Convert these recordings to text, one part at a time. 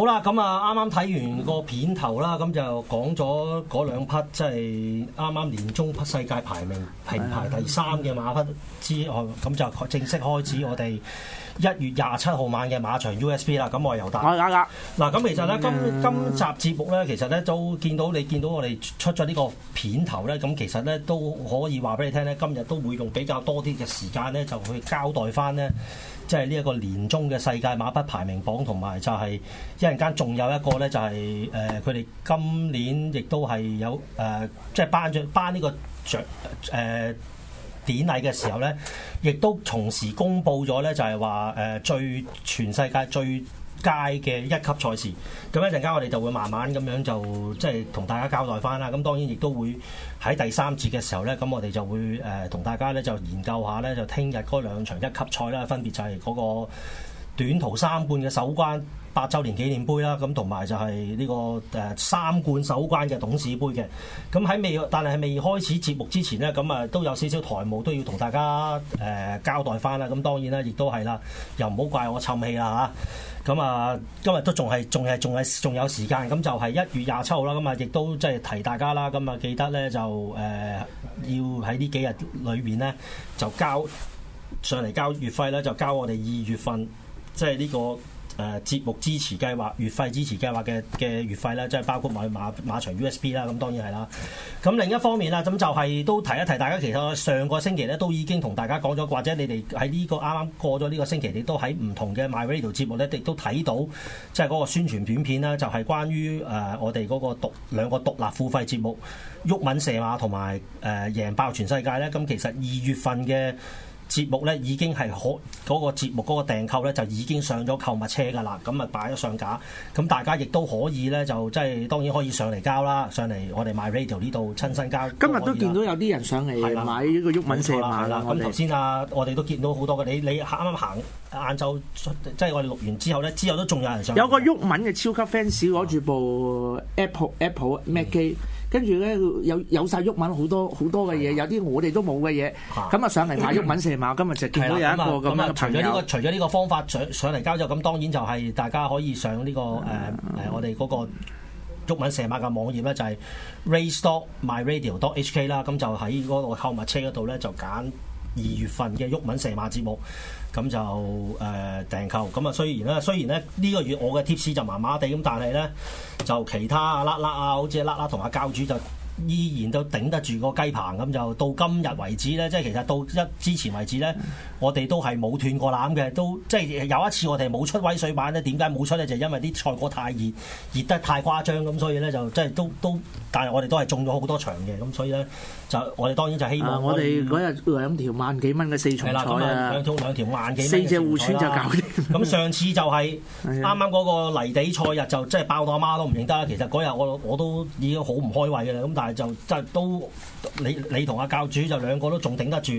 好啦，咁啊，啱啱睇完個片頭啦，咁、嗯、就講咗嗰兩匹即係啱啱年終匹世界排名平排第三嘅馬匹之外，咁、嗯、就正式開始我哋一月廿七號晚嘅馬場 USB 啦。咁我哋由打，嗱、嗯，咁、嗯、其實咧，今今集節目咧，其實咧都見到你見到我哋出咗呢個片頭咧，咁其實咧都可以話俾你聽咧，今日都會用比較多啲嘅時間咧，就去交代翻咧。即係呢一個年終嘅世界馬匹排名榜，同埋就係一陣間仲有一個咧、就是呃呃，就係誒佢哋今年亦都係有誒，即係頒獎頒呢個獎誒、呃、典禮嘅時候咧，亦都同時公布咗咧，就係話誒最全世界最街嘅一級賽事，咁一陣間我哋就會慢慢咁樣就即係同大家交代翻啦。咁當然亦都會喺第三節嘅時候呢，咁我哋就會誒、呃、同大家呢，就研究下呢，就聽日嗰兩場一級賽啦，分別就係嗰個短途三冠嘅首關八週年紀念杯啦，咁同埋就係呢、呢個誒、呃、三冠首關嘅董事杯嘅。咁喺未但係未開始節目之前呢，咁啊都有少少台務都要同大家誒、呃、交代翻啦。咁當然啦，亦都係啦，又唔好怪我湧氣啦嚇。啊。咁啊，今日都仲係仲係仲係仲有時間，咁就係、是、一月廿七號啦。咁啊，亦都即係提大家啦，咁啊記得咧就誒、呃、要喺呢幾日裏邊咧就交上嚟交月費啦，就交我哋二月份即係呢個。誒節目支持計劃月費支持計劃嘅嘅月費咧，即係包括買馬馬場 USB 啦，咁當然係啦。咁另一方面啦，咁就係、是、都提一提大家，其實我上個星期咧都已經同大家講咗，或者你哋喺呢個啱啱過咗呢個星期，你都喺唔同嘅 MyRadio 節目咧，亦都睇到即係嗰個宣傳短片啦，就係、是、關於誒、呃、我哋嗰個獨兩個獨立付費節目毓民射馬同埋誒贏爆全世界咧。咁其實二月份嘅。節目咧已經係可嗰個節目嗰個訂購咧就已經上咗購物車㗎啦，咁啊擺咗上架，咁大家亦都可以咧就即係當然可以上嚟交啦，上嚟我哋 MyRadio 呢度親身交。今日都見到有啲人上嚟買一個鬱文射。係啦，係啦，咁頭先啊，我哋都見到好多嘅，你你啱啱行晏晝即係我哋錄完之後咧，之後都仲有人上。有個鬱文嘅超級 fans 攞住部 Apple, Apple、啊、Apple Mac 機、嗯。G, 跟住咧，有有曬鬱文好多好多嘅嘢，有啲我哋都冇嘅嘢，咁啊就上嚟買鬱文射馬，今日就見到有一個咁樣嘅朋友、啊啊啊、除咗呢、這個，除咗呢個方法上上嚟交咗，咁當然就係大家可以上呢、這個誒誒、呃、我哋嗰個鬱文射馬嘅網頁咧，就係、是、raystore.myradio.hk 啦，咁、嗯、就喺嗰個購物車嗰度咧就揀二月份嘅鬱文射馬節目。咁就誒、呃、訂購，咁啊雖然咧，雖然咧呢、呢個月我嘅 tips 就麻麻地咁，但係咧就其他啦啦，啊，好似啦啦同阿教主就依然都頂得住個雞棚咁，就到今日為止咧，即係其實到一之前為止咧，我哋都係冇斷過纜嘅，都即係有一次我哋冇出威水版咧，點解冇出咧？就是、因為啲賽果太熱，熱得太誇張咁，所以咧就即係都都，但係我哋都係中咗好多場嘅，咁所以咧。就我哋當然就希望、啊、我哋嗰日兩條萬幾蚊嘅四重彩啦、啊，兩條兩條萬幾蚊嘅四隻互村就搞掂，咁、啊、上次就係啱啱嗰個泥地賽日就真係 爆到阿媽，媽都唔認得啦！其實嗰日我我都已經好唔開胃嘅啦，咁但係就真係都你你同阿教主就兩個都仲頂得住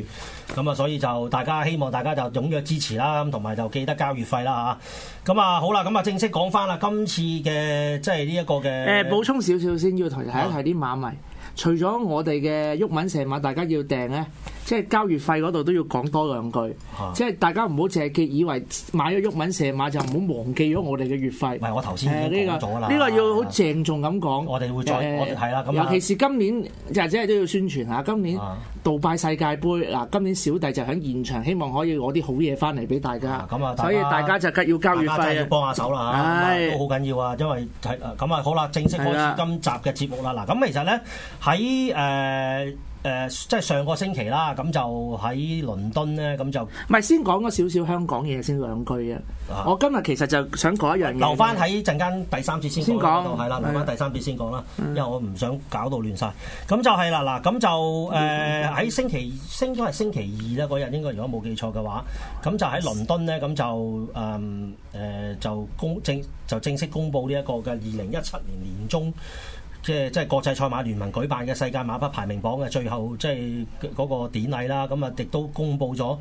咁啊！所以就大家希望大家就踴躍支持啦，咁同埋就記得交月費啦嚇！咁啊好啦，咁啊正式講翻啦，今次嘅即係呢一個嘅誒、呃、補充少少先，要提大家睇啲馬迷。啊除咗我哋嘅郁文，成晚大家要訂咧。即係交月費嗰度都要講多兩句，即係大家唔好淨係記以為買咗鬱文射馬就唔好忘記咗我哋嘅月費。唔係我頭先已經講咗啦，呢個要好鄭重咁講。我哋會再係啦，尤其是今年又真係都要宣傳下。今年杜拜世界盃嗱，今年小弟就喺現場，希望可以攞啲好嘢翻嚟俾大家。咁啊，所以大家就梗係要交月費，大家要幫下手啦嚇，都好緊要啊，因為咁啊，好啦，正式開始今集嘅節目啦。嗱，咁其實咧喺誒。誒、呃，即係上個星期啦，咁就喺倫敦咧，咁就唔係先講咗少少香港嘢先兩句啊！我今日其實就想講一樣嘢，留翻喺陣間第三次先講講，係啦，留翻第三次先講啦，嗯、因為我唔想搞到亂晒。咁就係啦，嗱，咁就誒喺星期，應該係星期二啦，嗰日應該如果冇記錯嘅話，咁就喺倫敦咧，咁就誒誒、嗯呃、就公正就正式公佈呢一個嘅二零一七年年終。即係即係國際賽馬聯盟舉辦嘅世界馬匹排名榜嘅最後即係嗰個典禮啦，咁啊亦都公布咗，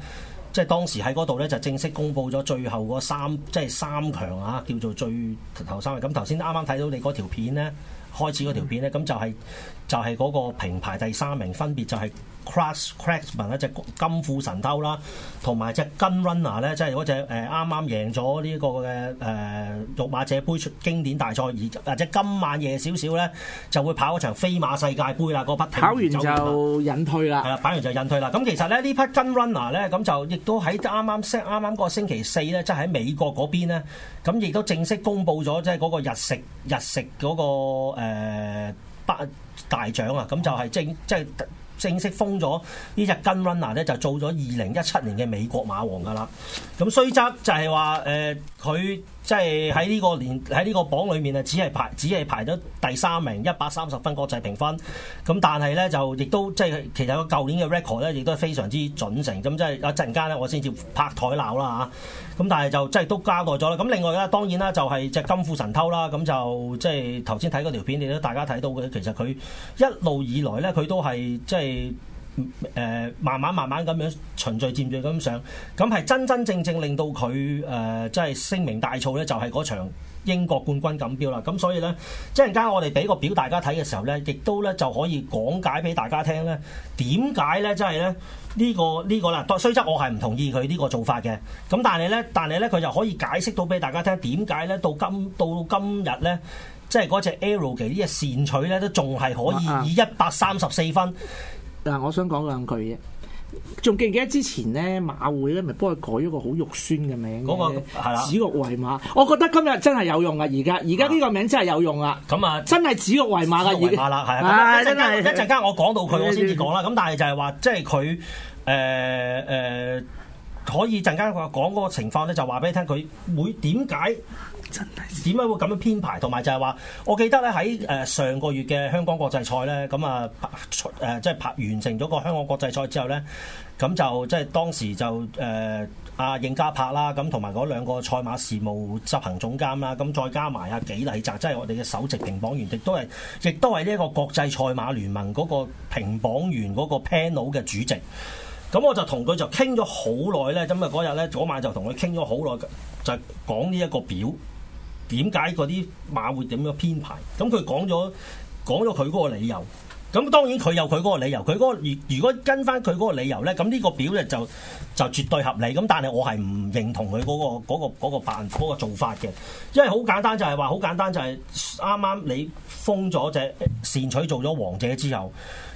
即係當時喺嗰度咧就正式公布咗最後嗰三即係三強啊，叫做最頭三位。咁頭先啱啱睇到你嗰條片咧。開始嗰條片咧，咁就係、是、就係、是、嗰個平排第三名，分別就係 Crass Cracksman 一隻金庫神偷啦，同埋隻金 runner 咧、這個，即係嗰隻誒啱啱贏咗呢個嘅誒育馬者杯出經典大賽，而或者今晚夜少少咧就會跑嗰場飛馬世界杯啦，嗰、那、匹、個、跑完就引退啦，係啦，跑完就引退啦。咁其實咧呢匹金 runner 咧，咁就亦都喺啱啱星啱啱嗰星期四咧，即係喺美國嗰邊咧，咁亦都正式公布咗即係嗰個日食日食嗰、那個。誒百、呃、大獎啊，咁就係正即係、就是、正式封咗呢隻 Gun Runner 咧，就做咗二零一七年嘅美國馬王㗎喇。咁雖則就係話誒佢。呃即係喺呢個年喺呢個榜裏面啊，只係排只係排咗第三名，一百三十分國際評分。咁但係咧就亦都即係其實舊年嘅 record 咧，亦都係非常之準成。咁即係一陣間咧，我先至拍台鬧啦嚇。咁但係就即係都交代咗啦。咁另外咧，當然啦，就係隻金庫神偷啦。咁就即係頭先睇嗰條片，你都大家睇到嘅。其實佢一路以來咧，佢都係即係。誒，慢慢慢慢咁樣循序漸進咁上，咁係真真正正令到佢誒，即係聲名大噪咧，就係、是、嗰場英國冠軍錦標啦。咁所以咧，即係陣間我哋俾個表大家睇嘅時候咧，亦都咧就可以講解俾大家聽咧，點解咧，即係咧呢個呢個啦。雖則我係唔同意佢呢個做法嘅，咁但係咧，但係咧佢就可以解釋到俾大家聽，點解咧到今到今日咧，即係嗰隻 Arrow 嘅呢隻扇取咧，都仲係可以以一百三十四分。嗱，我想講兩句嘅，仲記唔記得之前咧馬會咧咪幫佢改咗個好肉酸嘅名？嗰個係啦，指鹿為馬。我覺得今日真係有用，有用啊！而家而家呢個名真係有用啦。咁啊，真係指鹿為馬啦！而家啦，係啊，真係一陣間我講到佢，的我先至講啦。咁但係就係話，即係佢誒誒可以陣間講嗰個情況咧，就話俾你聽，佢會點解？點解會咁樣編排？同埋就係話，我記得咧喺誒上個月嘅香港國際賽咧，咁啊，出、呃、即係拍完成咗個香港國際賽之後咧，咁就即係當時就誒阿、呃啊、應家柏啦，咁同埋嗰兩個賽馬事務執行總監啦，咁、啊、再加埋阿、啊、紀禮澤，即係我哋嘅首席評榜員，亦都係亦都係呢一個國際賽馬聯盟嗰個評榜員嗰個 panel 嘅主席。咁我就同佢就傾咗好耐咧，咁啊嗰日咧嗰晚就同佢傾咗好耐，就講呢一個表。點解嗰啲馬會點樣編排？咁佢講咗講咗佢嗰個理由。咁當然佢有佢嗰個理由。佢嗰個如如果跟翻佢嗰個理由咧，咁呢個表咧就就絕對合理。咁但係我係唔認同佢嗰個嗰個嗰個辦嗰個嗰個做法嘅，因為好簡單就係話好簡單就係啱啱你封咗隻善取做咗王者之後。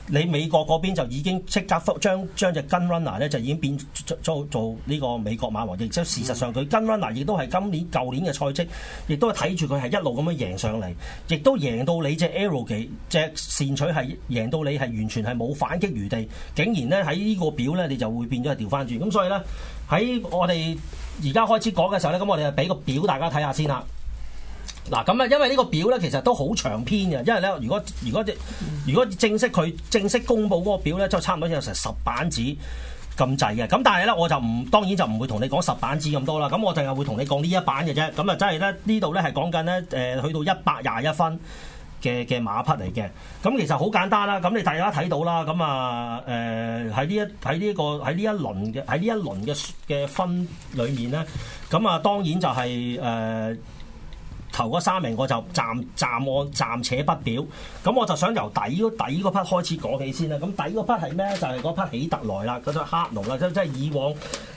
你美國嗰邊就已經即刻將將隻 Gun Runner 咧就已經變做做呢個美國馬王，亦即事實上佢 Gun Runner 亦都係今年舊年嘅賽績，亦都係睇住佢係一路咁樣贏上嚟，亦都贏到你隻 Arrogate 幾隻善取係贏到你係完全係冇反擊餘地，竟然咧喺呢個表咧你就會變咗係調翻轉，咁所以咧喺我哋而家開始講嘅時候咧，咁我哋就俾個表大家睇下先啦。嗱咁啊，因為呢個表咧，其實都好長篇嘅，因為咧，如果如果如果正式佢正式公布嗰個表咧，就差唔多有成十板紙咁滯嘅。咁但係咧，我就唔當然就唔會同你講十板紙咁多啦。咁我淨係會同你講呢一版嘅啫。咁啊，真係咧，呢度咧係講緊咧，誒，去到一百廿一分嘅嘅馬匹嚟嘅。咁其實好簡單啦。咁你大家睇到啦。咁啊，誒、呃，喺呢一喺呢個喺呢一輪嘅喺呢一輪嘅嘅分裡面咧，咁啊，當然就係、是、誒。呃頭嗰三名我就暫暫按暫且不表，咁我就想由底嗰底嗰匹開始講起先啦。咁底嗰匹係咩？就係嗰匹喜特來啦，嗰隻黑奴啦，即即係以往。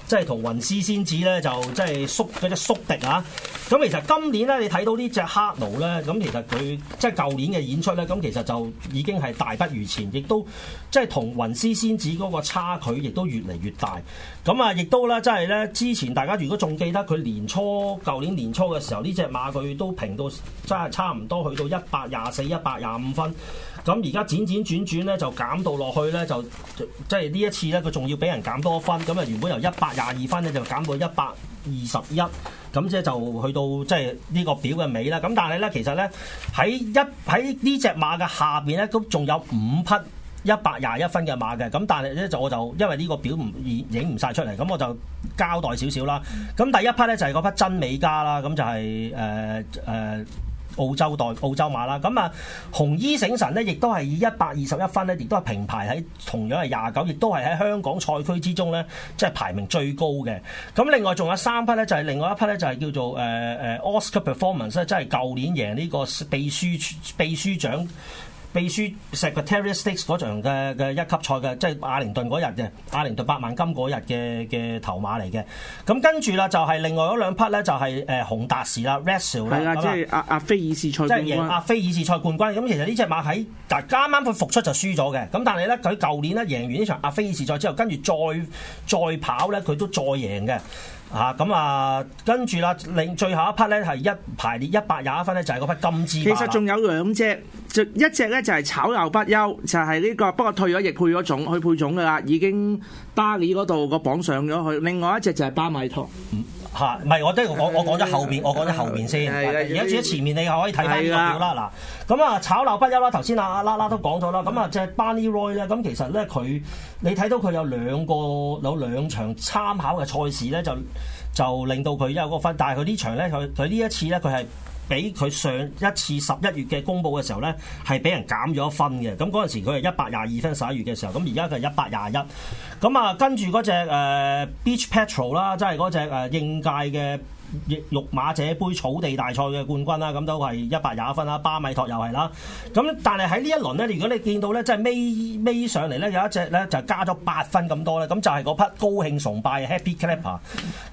即係同雲絲仙子咧，就即係縮嗰隻宿敵啊！咁其實今年咧，你睇到呢隻黑奴咧，咁其實佢即係舊年嘅演出咧，咁其實就已經係大不如前，亦都即係同雲絲仙子嗰個差距亦都越嚟越大。咁啊，亦都咧，即係咧，之前大家如果仲記得佢年初舊年年初嘅時候，呢隻馬佢都平到即係差唔多去到一百廿四、一百廿五分。咁而家剪剪轉轉咧，就減到落去咧，就，就即係呢一次咧，佢仲要俾人減多分。咁啊，原本由一百廿二分咧，就減到一百二十一，咁即係就去到即係呢個表嘅尾啦。咁但係咧，其實咧喺一喺呢隻馬嘅下邊咧，都仲有五匹一百廿一分嘅馬嘅。咁但係咧，就我就因為呢個表唔影唔晒出嚟，咁我就交代少少啦。咁第一匹咧就係嗰匹真美加啦，咁就係誒誒。呃呃澳洲代澳洲馬啦，咁、嗯、啊紅衣醒神咧，亦都係以一百二十一分咧，亦都係平排喺同樣係廿九，亦都係喺香港賽區之中咧，即係排名最高嘅。咁、嗯、另外仲有三匹咧，就係、是、另外一匹咧，就係、是、叫做誒誒、uh, uh, Oscar Performance，即係舊年贏呢個秘書秘書長。秘書 Secretariat Stakes 嗰場嘅嘅一級賽嘅，即係阿靈頓嗰日嘅，阿靈頓百萬金嗰日嘅嘅頭馬嚟嘅，咁跟住啦就係另外嗰兩匹咧就係誒紅達士啦，Rascal 咧，係啊，即係阿阿菲爾士賽，即係贏阿菲爾士賽冠軍。咁其實呢隻馬喺，但啱啱佢復出就輸咗嘅，咁但係咧佢舊年咧贏完呢場阿菲爾士賽之後，跟住再再跑咧佢都再贏嘅。吓咁啊！跟住啦，另最後一匹咧係一排列一百廿一分咧，就係嗰匹金枝。其實仲有兩隻，就一隻咧就係炒牛不休，就係呢個，不過退咗役配咗種去配種噶啦，已經巴里嗰度個榜上咗去。另外一隻就係巴米托。嗯吓，唔係、 啊，我都係講，我講咗後邊，我講咗後邊先。而家住咗前面，你係可以睇翻個表啦。嗱，咁啊，炒鬧不休啦。頭先啊，阿啦啦都講咗啦。咁啊，即係 Barney Roy 咧。咁其實咧，佢你睇到佢有兩個有兩場參考嘅賽事咧，就就令到佢有個分。但係佢呢場咧，佢佢呢一次咧，佢係。畀佢上一次十一月嘅公佈嘅時候咧，係俾人減咗分嘅。咁嗰陣時佢係一百廿二分，十一月嘅時候，咁而家佢係一百廿一。咁啊，跟住嗰隻誒 Beach Patrol 啦，即係嗰隻誒應屆嘅。育馬者杯草地大賽嘅冠軍啦，咁都係一百廿分啦，巴米托又係啦，咁但係喺呢一輪咧，如果你見到咧，即係尾尾上嚟咧，有一隻咧就是，加咗八分咁多咧，咁就係嗰匹高興崇拜 Happy Clapper，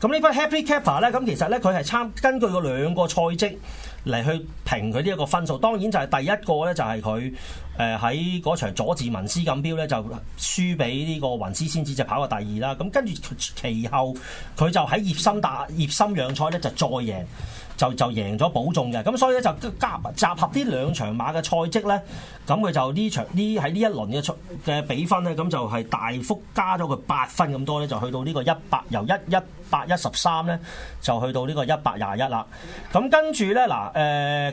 咁呢匹 Happy Clapper 咧，咁其實咧佢係參根據個兩個賽績。嚟去評佢呢一個分數，當然就係第一個咧，就係佢誒喺嗰場佐治文斯錦標咧就輸俾呢個雲斯先知，先至就跑過第二啦。咁跟住其後佢就喺葉森打葉森養賽咧，就再贏就就贏咗保重嘅。咁所以咧就加集合呢兩場馬嘅賽績咧，咁佢就呢場呢喺呢一輪嘅出嘅比分咧，咁就係大幅加咗佢八分咁多咧，就去到呢個一百由一一。百一十三咧就 nervous 去到呢個一百廿一啦，咁跟住咧嗱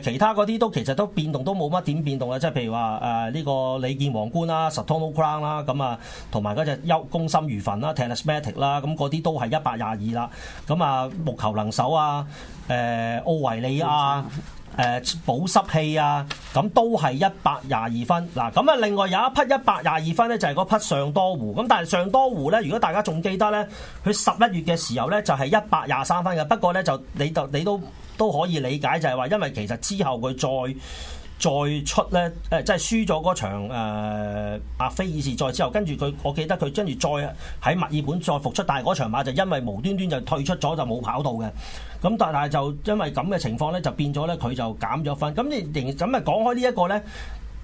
誒其他嗰啲都其實都變動都冇乜點變動啦，即係譬如話誒呢個里見皇冠啦，Satono Crown 啦，咁啊同埋嗰隻憂攻心如焚啦，Talismanic 啦，咁嗰啲都係一百廿二啦，咁、嗯、啊木球能手啊誒奧維利啊。啊誒保濕器啊，咁都係一百廿二分嗱，咁啊另外有一匹一百廿二分呢，就係嗰匹上多湖，咁但係上多湖呢，如果大家仲記得呢，佢十一月嘅時候呢，就係一百廿三分嘅，不過呢，就你就你都都可以理解就係話，因為其實之後佢再。再出咧，誒、呃、即係輸咗嗰場誒、呃、阿菲爾士賽之後，跟住佢，我記得佢跟住再喺墨爾本再復出，但係嗰場馬就因為無端端就退出咗，就冇跑到嘅。咁、嗯、但係就因為咁嘅情況咧，就變咗咧佢就減咗分。咁你仍咁啊講開呢一個咧。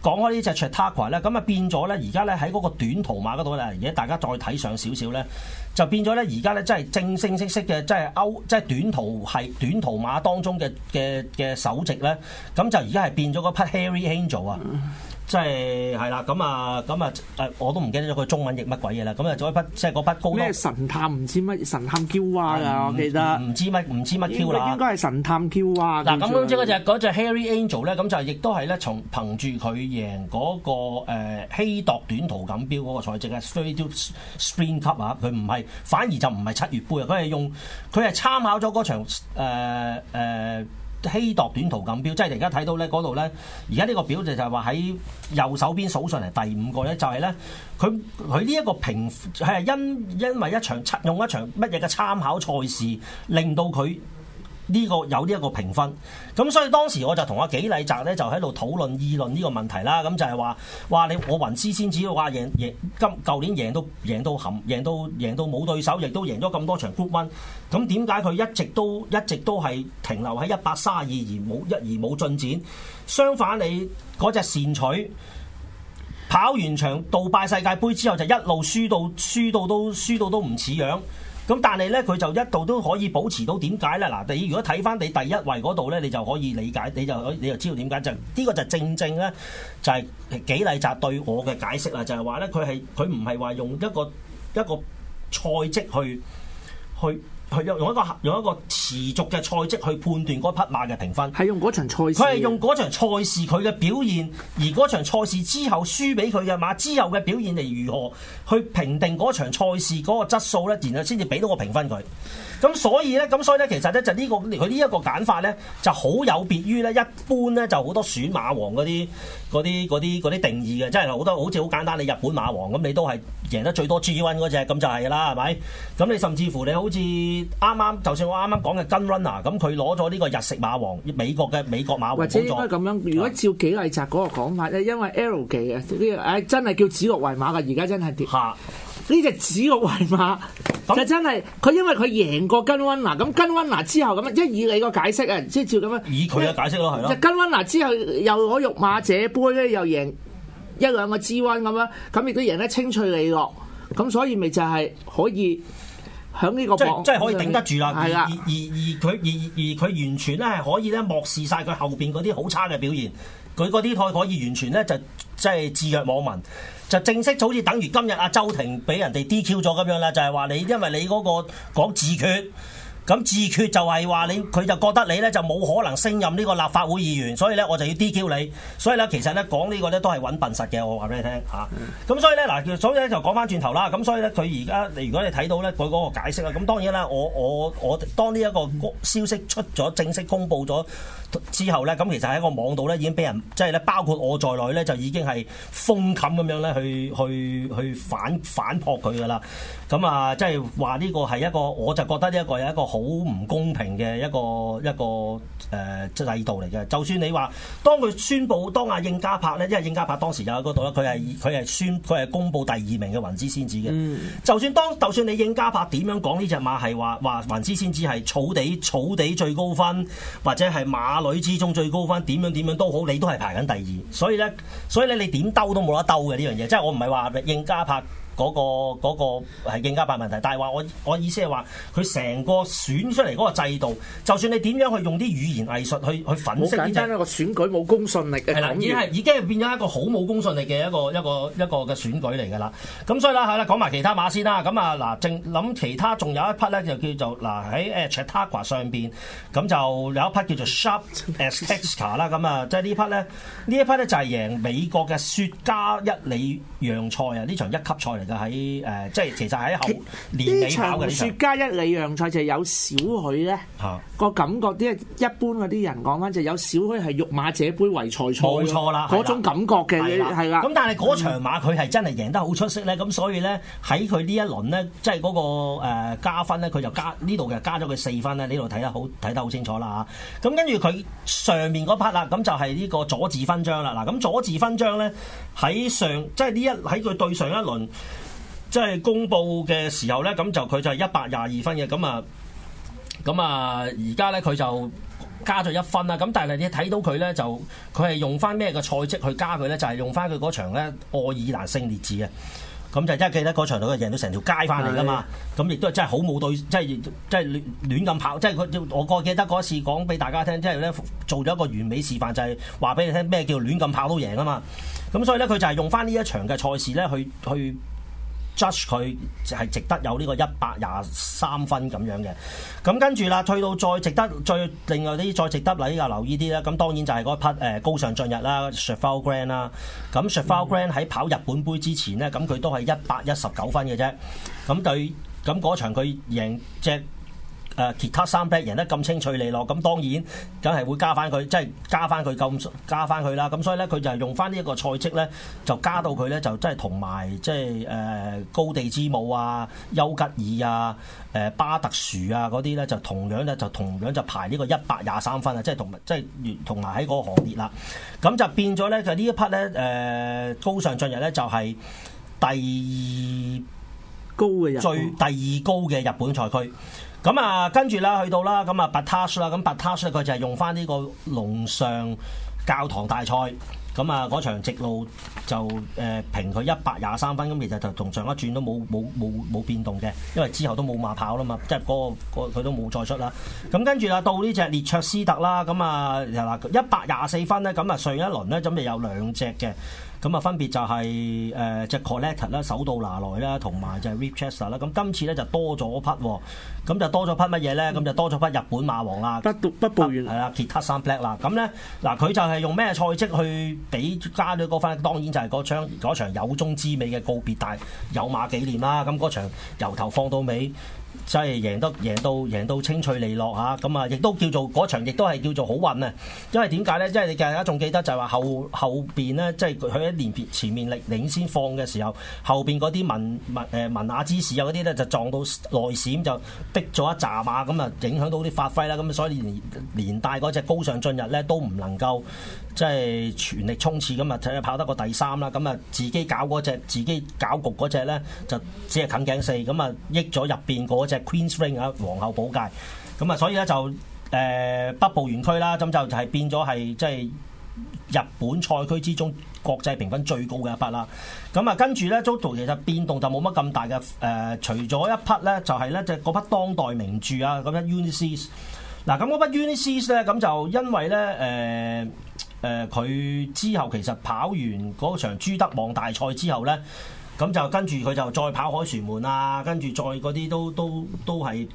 講開呢隻 Chautauqua 咧，咁啊變咗咧，而家咧喺嗰個短途馬嗰度咧，而家大家再睇上少少咧，就變咗咧，而家咧真係正正式式嘅，即係歐即係短途係短途馬當中嘅嘅嘅首席咧，咁就而家係變咗嗰匹 Harry Angel 啊。嗯即係係啦，咁啊，咁啊，誒，我都唔記得咗佢中文譯乜鬼嘢啦。咁啊，嗰筆即係嗰筆高級咩神探唔知乜神探嬌娃啊！我記得唔、嗯、知乜唔知乜嬌啦。應該係神探嬌娃。嗱，咁即係嗰隻隻 Harry Angel 咧，咁就亦都係咧，從憑住佢贏嗰個希度短途錦標嗰個賽績啊，three t Sprint Cup 啊，佢唔係反而就唔係七月杯啊，佢係用佢係參考咗嗰場誒、呃呃希度短途錦標，即係而家睇到咧，嗰度咧，而家呢個表就就係話喺右手邊數上嚟第五個咧，就係、是、咧，佢佢呢一個評係因因為一場用一場乜嘢嘅參考賽事令到佢。呢、這個有呢一個評分，咁所以當時我就同阿、啊、紀禮澤呢就喺度討論議論呢個問題啦。咁就係話：哇！你我雲絲仙，只要話贏贏今舊年贏到贏到冚贏到贏到冇對手，亦都贏咗咁多場 Group One，咁點解佢一直都一直都係停留喺一百卅二而冇一而冇進展？相反，你嗰隻善取跑完場杜拜世界盃之後，就一路輸到輸到都輸到都唔似樣。咁但係咧，佢就一度都可以保持到？點解咧？嗱，你如果睇翻你第一圍嗰度咧，你就可以理解，你就你又知道點解就呢個就正正咧，就係紀麗澤對我嘅解釋啦，就係話咧，佢係佢唔係話用一個一個賽績去去。去佢用用一個用一個持續嘅賽績去判斷嗰匹馬嘅評分，係用嗰場賽，佢係用嗰場賽事佢嘅表現，而嗰場賽事之後輸俾佢嘅馬之後嘅表現嚟如何去評定嗰場賽事嗰個質素咧，然後先至俾到個評分佢。咁所以咧，咁所以咧，其實咧就、這個、個呢個佢呢一個揀法咧就好有別於咧一般咧就好多選馬王嗰啲嗰啲嗰啲嗰啲定義嘅，即、就、係、是、好多好似好簡單，你日本馬王咁你都係。贏得最多 G1 嗰隻咁就係啦，係咪？咁你甚至乎你好似啱啱，就算我啱啱講嘅 Gun Runner 咁佢攞咗呢個日食馬王，美國嘅美國馬王。或者咁樣，如果照幾麗澤嗰個講法咧，因為 L 幾嘅真係叫指鹿為馬嘅，而家真係跌。嚇、啊！呢隻指鹿為馬那就真係佢，因為佢贏過 Gun Runner 啊，咁 Gun Runner 之後咁啊，一以你個解釋啊，即係照咁樣。以佢嘅解釋咯，係咯。Gun Runner 之後又攞育馬者杯咧，又贏。一兩個 G1 咁樣，咁亦都贏得清脆利落，咁所以咪就係可以響呢個磅即係可以頂得住啦係啦。而而而而佢而而佢完全咧係可以咧漠視晒佢後邊嗰啲好差嘅表現，佢嗰啲可以可以完全咧就即、是、係置若罔聞，就正式就好似等於今日阿、啊、周庭俾人哋 DQ 咗咁樣啦，就係、是、話你因為你嗰、那個講自決。咁自決就係話你佢就覺得你咧就冇可能勝任呢個立法會議員，所以咧我就要 DQ 你。所以咧其實咧講呢個咧都係揾笨實嘅，我話俾你聽嚇。咁啊，所以咧嗱，所以咧就講翻轉頭啦。咁所以咧佢而家你如果你睇到咧佢嗰個解釋啦，咁當然啦，我我我當呢一個消息出咗正式公布咗之後咧，咁其實喺個網度咧已經俾人即係咧包括我在內咧就已經係封冚咁樣咧去去去反反駁佢噶啦。咁啊，即係話呢個係一個我就覺得呢一個係一個。好唔公平嘅一個一個誒、呃、制度嚟嘅，就算你話當佢宣布當阿、啊、應家柏咧，因為應家柏當時就喺嗰度啦，佢係佢係宣佢係公布第二名嘅雲絲仙子嘅。嗯、就算當就算你應家柏點樣講呢隻馬係話話雲絲仙子係草地草地最高分，或者係馬女之中最高分，點樣點樣都好，你都係排緊第二。所以咧，所以咧，你點兜都冇得兜嘅呢樣嘢。即係我唔係話應家柏。嗰個嗰個係更加煩問題，但係話我我意思係話佢成個選出嚟個制度，就算你點樣去用啲語言藝術去去粉飾呢簡單一個選舉冇公信力嘅，係啦的染，已經係已經係變咗一個好冇公信力嘅一個一個一個嘅選舉嚟㗎啦。咁所以啦，係啦，講埋其他馬先啦。咁啊嗱，正諗其他仲有一匹咧，就叫做嗱喺 Chautauqua 上邊，咁就有一匹叫做 Sharp Azteca 啦。咁啊，即係呢匹咧，呢一匹咧就係贏美國嘅雪茄一哩讓賽啊！呢場一級賽嚟。就喺誒，即係其實喺後年尾搞嘅呢場雪加一哩讓賽就有少許咧，是的 個感覺啲一般嗰啲人講翻，就有少許係育馬者杯圍賽賽，冇錯啦，嗰種感覺嘅係啦。咁但係嗰場馬佢係真係贏得好出色咧，咁所以咧喺佢呢一輪咧，即係嗰個加分咧，佢就加呢度嘅加咗佢四分咧，呢度睇得好睇得好清楚啦嚇。咁跟住佢上面嗰 part 啦，咁就係呢個佐治勳章啦。嗱咁佐治勳章咧喺上，即係呢一喺佢對上一輪。即係公布嘅時候咧，咁就佢就係一百廿二,二分嘅咁啊。咁啊，而家咧佢就加咗一分啦。咁但係你睇到佢咧，就佢、是、係用翻咩嘅賽績去加佢咧？就係用翻佢嗰場咧愛爾蘭聖列治嘅咁就一記得嗰場佢贏到成條街翻嚟噶嘛。咁亦是的 都係真係好冇對，即係即係亂亂咁跑。即係我我記得嗰次講俾大家聽，即係咧做咗一個完美示範，就係話俾你聽咩叫亂咁跑都贏啊嘛。咁所以咧，佢就係用翻呢一場嘅賽事咧去去。去去 Judge 佢係值得有呢個一百廿三分咁樣嘅，咁跟住啦，去到再值得，再另外啲再值得啦，依家留意啲咧，咁當然就係嗰一匹誒、呃、高尚進入啦，Cheval Grand 啦，咁 Cheval Grand 喺跑日本杯之前呢，咁佢都係一百一十九分嘅啫，咁對，咁嗰場佢贏只。誒其他三匹贏得咁清脆利落，咁當然梗係會加翻佢，即係加翻佢咁加翻佢啦。咁所以咧，佢就係用翻呢一個賽績咧，就加到佢咧，就即係同埋即係誒高地之舞啊、丘吉爾啊、誒、呃、巴特殊啊嗰啲咧，就同樣咧就同樣就排呢個一百廿三分啊，即係同即係同埋喺嗰個行列啦。咁就變咗咧、呃，就呢一匹咧誒高尚進入咧就係第二高嘅最第二高嘅日本賽區。咁啊，跟住啦，去到啦，咁啊 Battaash 啦，咁 Battaash 佢就係用翻呢個龍上教堂大賽，咁啊嗰場直路就誒平佢一百廿三分，咁其實就同上一轉都冇冇冇冇變動嘅，因為之後都冇馬跑啦嘛，即係嗰個佢、嗰個、都冇再出啦。咁跟住啊，到呢隻列卓斯特啦，咁啊嗱一百廿四分咧，咁啊上一輪咧總共有兩隻嘅。咁啊，分別就係誒只 collector 啦、手到拿來啦，同埋就係 Ribchester 啦。咁今次咧就多咗一匹，哦，咁就多咗匹乜嘢咧？咁就多咗匹日本馬王啦，北部、啊、北步原係啦 Kitasan Black 啦。咁咧嗱，佢就係用咩賽績去比加咗嗰分？當然就係嗰場、嗰場有中之美嘅告別大有馬紀念啦。咁嗰場由頭放到尾。即係贏得贏到贏到，到清脆利落吓，咁啊亦都叫做嗰場亦都係叫做好運啊！因為點解咧？因為你大家仲記得就係話後後邊咧，即係佢喺連前面力領先放嘅時候，後邊嗰啲文文誒文雅之士啊嗰啲咧就撞到內閃，就逼咗一扎馬，咁啊影響到啲發揮啦，咁所以連連帶嗰隻高尚進入咧都唔能夠即係全力衝刺咁啊，只係跑得個第三啦，咁啊自己搞嗰隻自己搞局嗰隻咧就只係近頸四，咁啊益咗入邊嗰隻。Queen's Ring 啊，Ring，皇后寶戒咁啊，所以咧就誒、呃、北部園區啦，咁就就係變咗係即係日本賽區之中國際評分最高嘅一匹啦。咁啊，跟住咧 j o t a 其實變動就冇乜咁大嘅誒、呃，除咗一匹咧，就係咧即係嗰匹當代名著啊咁樣 Ulysses 嗱，咁嗰匹 Ulysses 咧，咁就因為咧誒誒，佢、呃呃、之後其實跑完嗰場朱德望大賽之後咧。咁就跟住佢就再跑凱旋門啊，跟住再嗰啲都都都係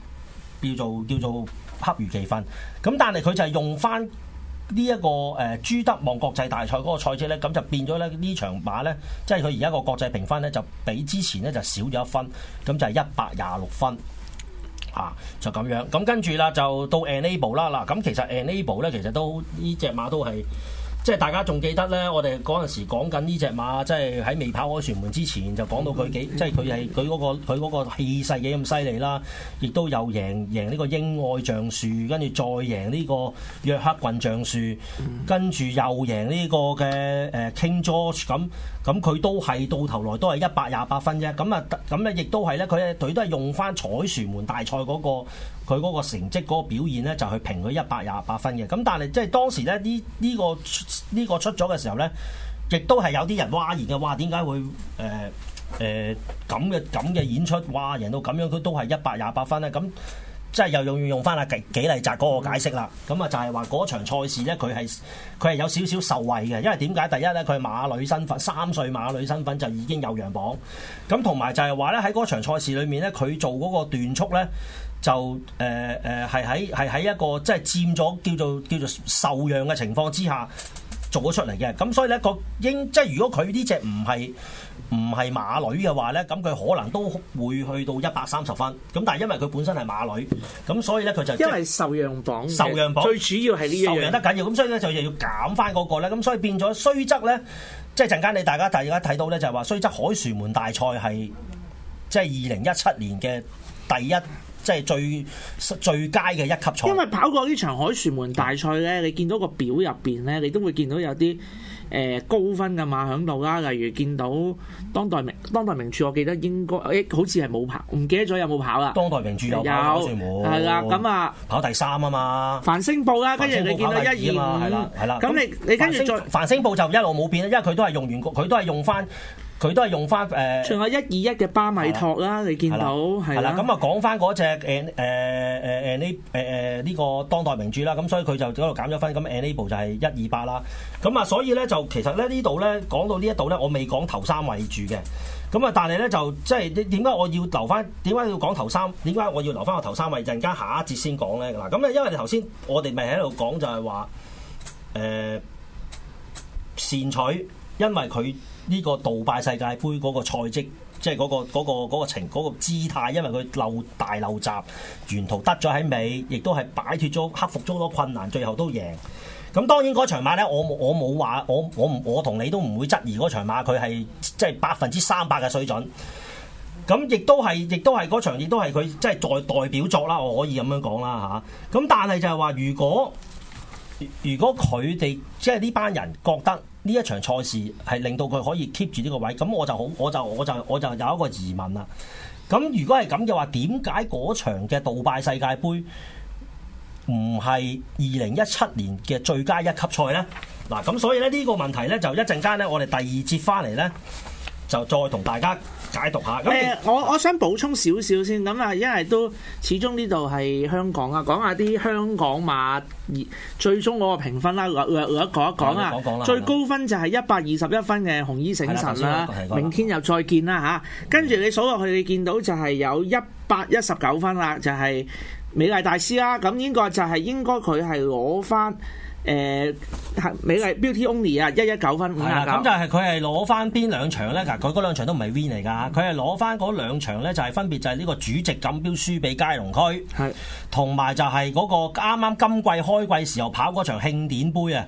叫做叫做恰如其分。咁但係佢就係用翻呢一個誒、呃、朱德望國際大賽嗰個賽事咧，咁就變咗咧呢場馬咧，即係佢而家個國際評分咧就比之前咧就少咗一分，咁就係一百廿六分啊，就咁樣。咁跟住啦，就到 Enable 啦嗱，咁其實 Enable 咧其實都呢隻馬都係。即係大家仲記得咧，我哋嗰陣時講緊呢隻馬，即係喺未跑凱旋門之前就講到佢幾，即係佢係佢嗰個佢嗰個氣勢幾咁犀利啦，亦都又贏贏呢個英愛橡樹，跟住再贏呢個約克郡橡樹，跟住又贏呢個嘅誒、呃、King George 咁。咁佢都係到頭來都係一百廿八分啫，咁啊，咁咧亦都係咧，佢佢都係用翻凱旋門大賽嗰個佢嗰個成績嗰個表現咧，就去評佢一百廿八分嘅。咁但係即係當時咧，呢呢個呢個出咗嘅時候咧，亦都係有啲人嘩然嘅，話點解會誒誒咁嘅咁嘅演出，哇，贏到咁樣佢都係一百廿八分咧，咁。即係又用用翻阿紀紀麗澤嗰個解釋啦，咁啊就係話嗰場賽事咧，佢係佢係有少少受惠嘅，因為點解？第一咧，佢係馬女身份三歲馬女身份就已經有讓磅，咁同埋就係話咧喺嗰場賽事裏面咧，佢做嗰個段速咧就誒誒係喺係喺一個即係、就是、佔咗叫做叫做受讓嘅情況之下。做咗出嚟嘅，咁所以呢個應即係如果佢呢隻唔係唔係馬女嘅話呢，咁佢可能都會去到一百三十分。咁但係因為佢本身係馬女，咁所以呢，佢就因為受讓榜，受讓榜最主要係呢樣受讓得緊要。咁所以呢，就又要減翻嗰、那個咧。咁所以變咗雖則呢，即係陣間你大家大家睇到呢，就係話雖則凱旋門大賽係即係二零一七年嘅第一。即係最最佳嘅一級賽，因為跑過呢場凱旋門大賽咧，是的 你見到個表入邊咧，你都會見到有啲誒、呃、高分嘅馬響度啦。例如見到當代名當代名著，我記得應該誒好似係冇跑，唔記得咗有冇跑啦。當代名著有，有，一二係啦，咁啊，跑第三啊嘛。繁星報啦，跟住你見到一二五啦，係啦。咁你你跟住再繁星報就一路冇變，因為佢都係用完局，佢都係用返，佢都係用翻誒，仲有一二一嘅巴米托啦，你見到係啦。咁啊，講翻嗰隻誒誒誒誒呢誒呢個當代名著啦。咁所以佢就嗰度減咗分。咁 Enable 就係一二八啦。咁啊，所以咧就其實咧呢度咧講到呢一度咧，我未講頭三位住嘅。咁啊，但係咧就即係點解我要留翻？點解要講頭三？點解我要留翻我頭三位？陣間下一節先講咧㗎啦。咁啊，因為頭先我哋咪喺度講就係話誒善取，因為佢。呢個杜拜世界盃嗰個賽績，即係嗰個嗰、嗰個嗰個嗰個、情嗰、嗰個姿態，因為佢漏大漏閘，沿途得咗喺尾，亦都係擺脱咗、克服咗好多困難，最後都贏。咁當然嗰場馬咧，我我冇話，我我我同你都唔會質疑嗰場馬佢係即係百分之三百嘅水準。咁亦都係，亦都係嗰場，亦都係佢即係在代表作啦，我可以咁樣講啦嚇。咁、啊、但係就係話，如果如果佢哋即係呢班人覺得。呢一場賽事係令到佢可以 keep 住呢個位，咁我就好，我就我就我就有一個疑問啦。咁如果係咁嘅話，點解嗰場嘅杜拜世界盃唔係二零一七年嘅最佳一級賽呢？嗱，咁所以呢，呢個問題呢，就一陣間呢，我哋第二節翻嚟呢，就再同大家。解讀下，誒、欸，我我想補充少少先咁啊，因為都始終呢度係香港啊，講下啲香港馬最終嗰個評分啦，略略再講一講啊，嗯、講講最高分就係一百二十一分嘅紅衣醒神啦。明天又再見啦吓，跟、啊、住的你數落去，你見到就係有一百一十九分啦，就係、是、美麗大師啦。咁呢個就係、是、應該佢係攞翻。誒、嗯，美麗 Beauty Only 1, 1, 啊，一一九分。係啦，咁就係佢係攞翻邊兩場咧？佢嗰兩場都唔係 win 嚟㗎，佢係攞翻嗰兩場咧，就係分別就係呢個主席錦標輸俾佳龍駒，係同埋就係嗰個啱啱今季開季時候跑嗰場慶典杯啊，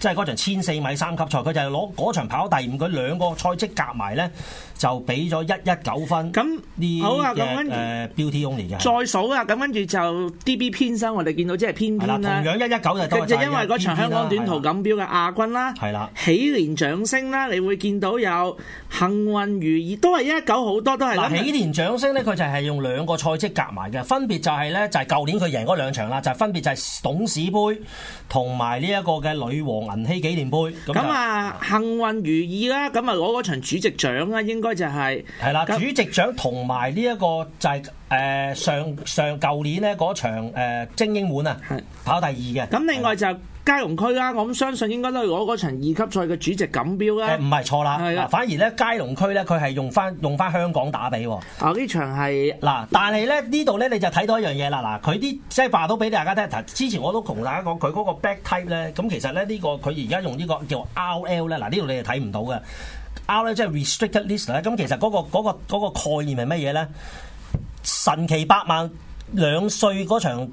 即係嗰場千四米三級賽，佢就係攞嗰場跑第五，佢兩個賽績夾埋咧。就俾咗一一九分，咁好啊！咁跟住標題 on 嚟嘅，再數啊！咁跟住就 DB 偏生，我哋見到即係偏偏啦。同樣一一九就，就因為嗰場香港短途錦標嘅亞軍啦。係啦的，的喜蓮掌聲啦，你會見到有幸運如意，都係一一九好多都係。嗱，喜蓮掌聲呢，佢就係用兩個賽績夾埋嘅，分別就係呢，就係、是、舊年佢贏嗰兩場啦，就是、分別就係董事杯同埋呢一個嘅女王銀禧紀念杯。咁啊，幸運如意啦，咁啊攞嗰場主席獎啊應。應該就係係啦，主席獎同埋呢一個就係誒上上舊年咧嗰場誒精英碗啊，跑第二嘅。咁另外就佳龍區啦，我咁相信應該都係我嗰場二級賽嘅主席錦標啦。唔係錯啦，係啦。反而咧佳龍區咧，佢係用翻用翻香港打比喎。啊，呢場係嗱，但係咧呢度咧你就睇到一樣嘢啦。嗱，佢啲即係話到俾大家聽，之前我都同大家講佢嗰個 back type 咧，咁其實咧呢個佢而家用呢個叫 RL 咧，嗱呢度你係睇唔到嘅。RL 呢即係 restricted list 呢，咁其實嗰、嗰個嗰、嗰個嗰個、概念係乜嘢呢？神奇百萬兩歲嗰場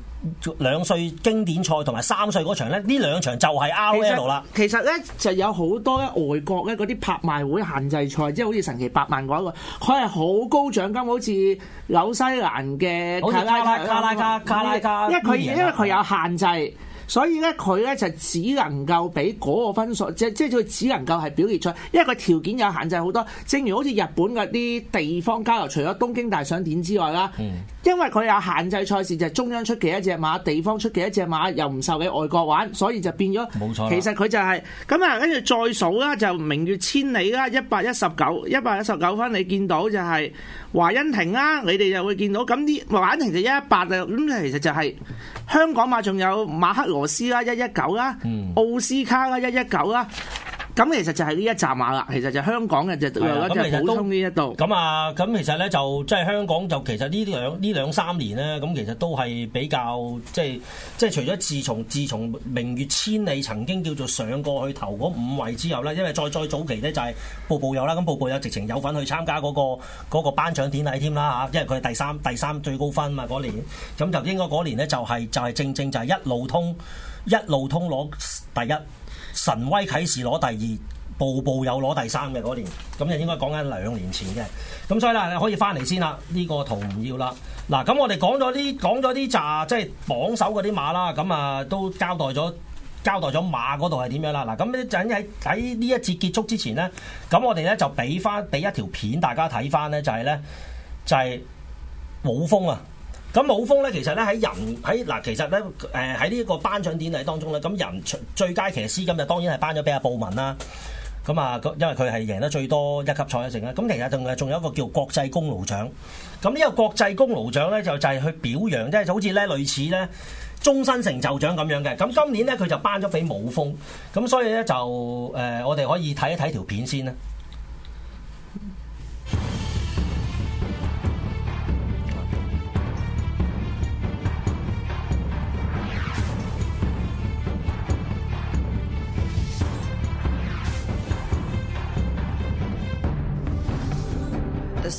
兩歲經典賽同埋三歲嗰場呢？呢兩場就係 R L 啦。其實咧就有好多咧外國咧嗰啲拍賣會限制賽，即、就、係、係、好似神奇百萬嗰、嗰、一個，佢係好高獎金，好似紐西蘭嘅卡拉卡拉卡，卡拉卡，因為佢因為佢有限制。所以咧，佢咧就只能夠俾嗰個分數，即係即係佢只能夠係表現出，因為個條件有限制好多。正如好似日本啲地方交流，除咗東京大賞典之外啦，嗯、因為佢有限制賽事，就係、是、中央出幾多隻馬地方出幾多隻馬又唔受你外國玩，所以就變咗。冇錯，其實佢就係咁啊，跟住再數啦，就明月千里啦，一百一十九，一百一十九分，你見到就係華欣庭啦，你哋就會見到咁啲華欣庭就一百啊，咁其實就係香港馬仲有馬克龍，俄羅斯啊，一一九啦，奧斯卡啊，一一九啦。咁其實就係呢一集話啦，其實就香港嘅的就另外，咁其實都咁啊，咁其實咧就即係香港就其實呢兩呢兩三年咧，咁其實都係比較即係即係除咗自從自從明月千里曾經叫做上過去頭嗰五位之後咧，因為再再早期咧就係步步有啦，咁步步有直情有份去參加嗰個嗰個頒獎典禮添啦嚇，因為佢係第三第三最高分嘛嗰年，咁就應該嗰年咧就係就係正正就係一路通一路通攞第一。神威啟示攞第二，步步有攞第三嘅嗰年，咁就應該講緊兩年前嘅。咁所以啦，你可以翻嚟先啦。呢個圖唔要啦。嗱，咁我哋講咗啲講咗啲咋，即係榜首嗰啲馬啦，咁啊都交代咗交代咗馬嗰度係點樣啦。嗱，咁一陣喺喺呢一節結束之前咧，咁我哋咧就俾翻俾一條片，大家睇翻咧就係咧就係冇風啊。咁武峰咧，其實咧喺人喺嗱，其實咧誒喺呢一個頒獎典禮當中咧，咁人最佳騎師咁就當然係頒咗俾阿布文啦。咁啊，因為佢係贏得最多一級賽嘅勝啦。咁其實仲有仲有一個叫國際功勞獎。咁、這、呢個國際功勞獎咧就就係去表揚，即係就是、好似咧類似咧終身成就獎咁樣嘅。咁今年咧佢就頒咗俾武峰。咁所以咧就誒，我哋可以睇一睇條片先啦。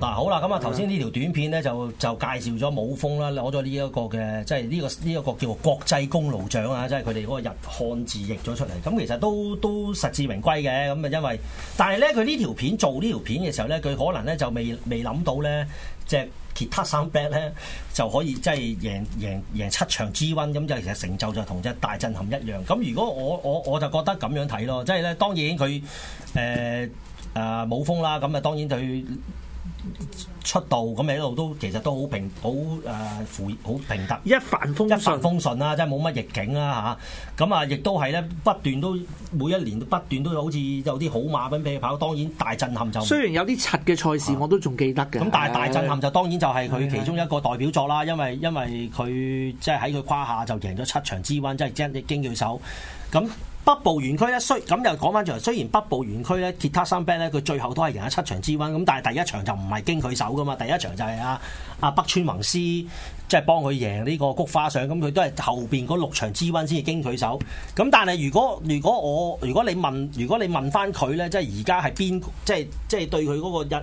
嗱、啊、好啦，咁、嗯、啊，頭先呢條短片咧就就介紹咗武豐啦，攞咗呢一個嘅即係呢個呢一、呢個叫做國際功勞獎啊，即係佢哋嗰個日漢字譯咗出嚟。咁、嗯、其實都都實至名歸嘅，咁、嗯、啊因為，但係咧佢呢條片做呢條片嘅時候咧，佢可能咧就未未諗到咧，即係吉他三 back 匹咧就係、可以即係、就係、贏贏贏，贏七場 G1 咁、嗯，就其實成就就同隻大震撼一樣。咁、嗯、如果我我我就覺得咁樣睇咯，即係咧當然佢誒啊武豐啦，咁啊當然佢。出道咁咪一路都其實都好平好誒好平德，一帆風順一帆風順啦、啊，即係冇乜逆境啦嚇。咁啊，亦、啊啊、都係咧不斷都每一年都不斷都好似有啲好馬咁俾佢跑，當然大震撼就。雖然有啲七嘅賽事我都仲記得嘅，咁、啊、但係大震撼就當然就係佢其中一個代表作啦，因為因為佢即係喺佢胯下就贏咗七場 G1, 即係經佢手咁。北部園區咧，雖咁又講翻就係，雖然北部園區咧 Kitasan Black 咧，佢最後都係贏咗七場 G1，咁但係第一場就唔係經佢手㗎嘛，第一場就係阿阿北川宏司即係幫佢贏呢個菊花賞。咁、嗯、佢都係後邊嗰六場 G1 先至經佢手，咁但係如果如果我如果你問如果你問翻佢咧，即係而家係邊即係即係對佢嗰、嗰個一誒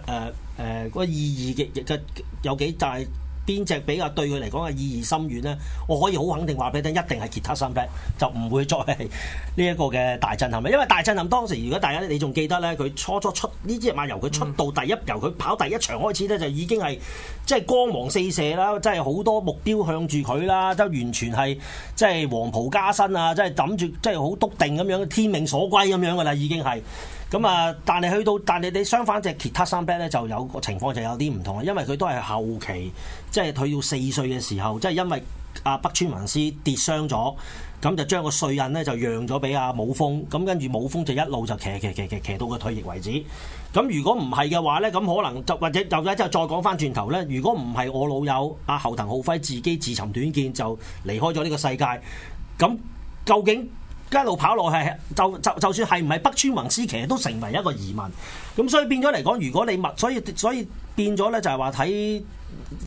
誒嗰個意義嘅嘅有幾大？邊隻比較對佢嚟講嘅意義深遠呢？我可以好肯定話俾你聽，一定係吉他三踢，就唔會再係呢一個嘅大震撼啦。因為大震撼當時，如果大家你仲記得呢，佢初初出呢支馬由佢出到第一，由佢跑第一場開始呢，就已經係即係光芒四射啦，即係好多目標向住佢啦，即係完全係即係黃袍加身啊，即係揼住即係好篤定咁樣，天命所歸咁樣噶啦，已經係。咁啊！但係去到，但係你相反隻 Kitasan Black 咧，就有個情況就有啲唔同啊，因為佢都係後期，即係佢要四歲嘅時候，即係因為阿、啊、北村文司跌傷咗，咁就將個帥印咧就讓咗俾阿武豐。咁跟住武豐就一路就騎騎騎騎騎到佢退役為止。咁如果唔係嘅話咧，咁可能就或者就咧即係再講翻轉頭咧，如果唔係我老友阿後藤浩輝自己自尋短見就離開咗呢個世界，咁究竟？一路跑落係，就就就算係唔係北川宏司，其實都成為一個移民。咁所以變咗嚟講，如果你問，所以所以變咗咧，就係話睇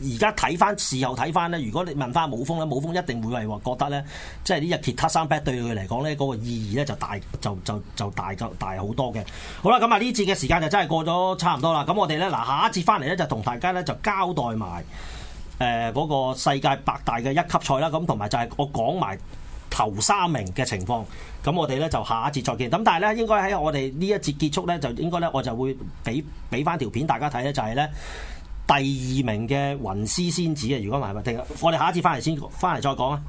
而家睇翻，事後睇翻咧，如果你問翻武峰咧，武峰一定會係話覺得咧，即係呢日其他三 p 對佢嚟講咧，嗰、那個意義咧就大，就就就大咗大好多嘅。好啦，咁啊呢節嘅時間就真係過咗差唔多啦。咁我哋咧嗱，下一節翻嚟咧就同大家咧就交代埋誒嗰個世界八大嘅一級賽啦。咁同埋就係我講埋。頭三名嘅情況，咁我哋咧就下一節再見。咁但係咧，應該喺我哋呢一節結束咧，就應該咧我就會俾俾翻條片大家睇咧，就係咧第二名嘅雲絲仙子啊！如果唔係咪？我哋下一節翻嚟先，翻嚟再講啊！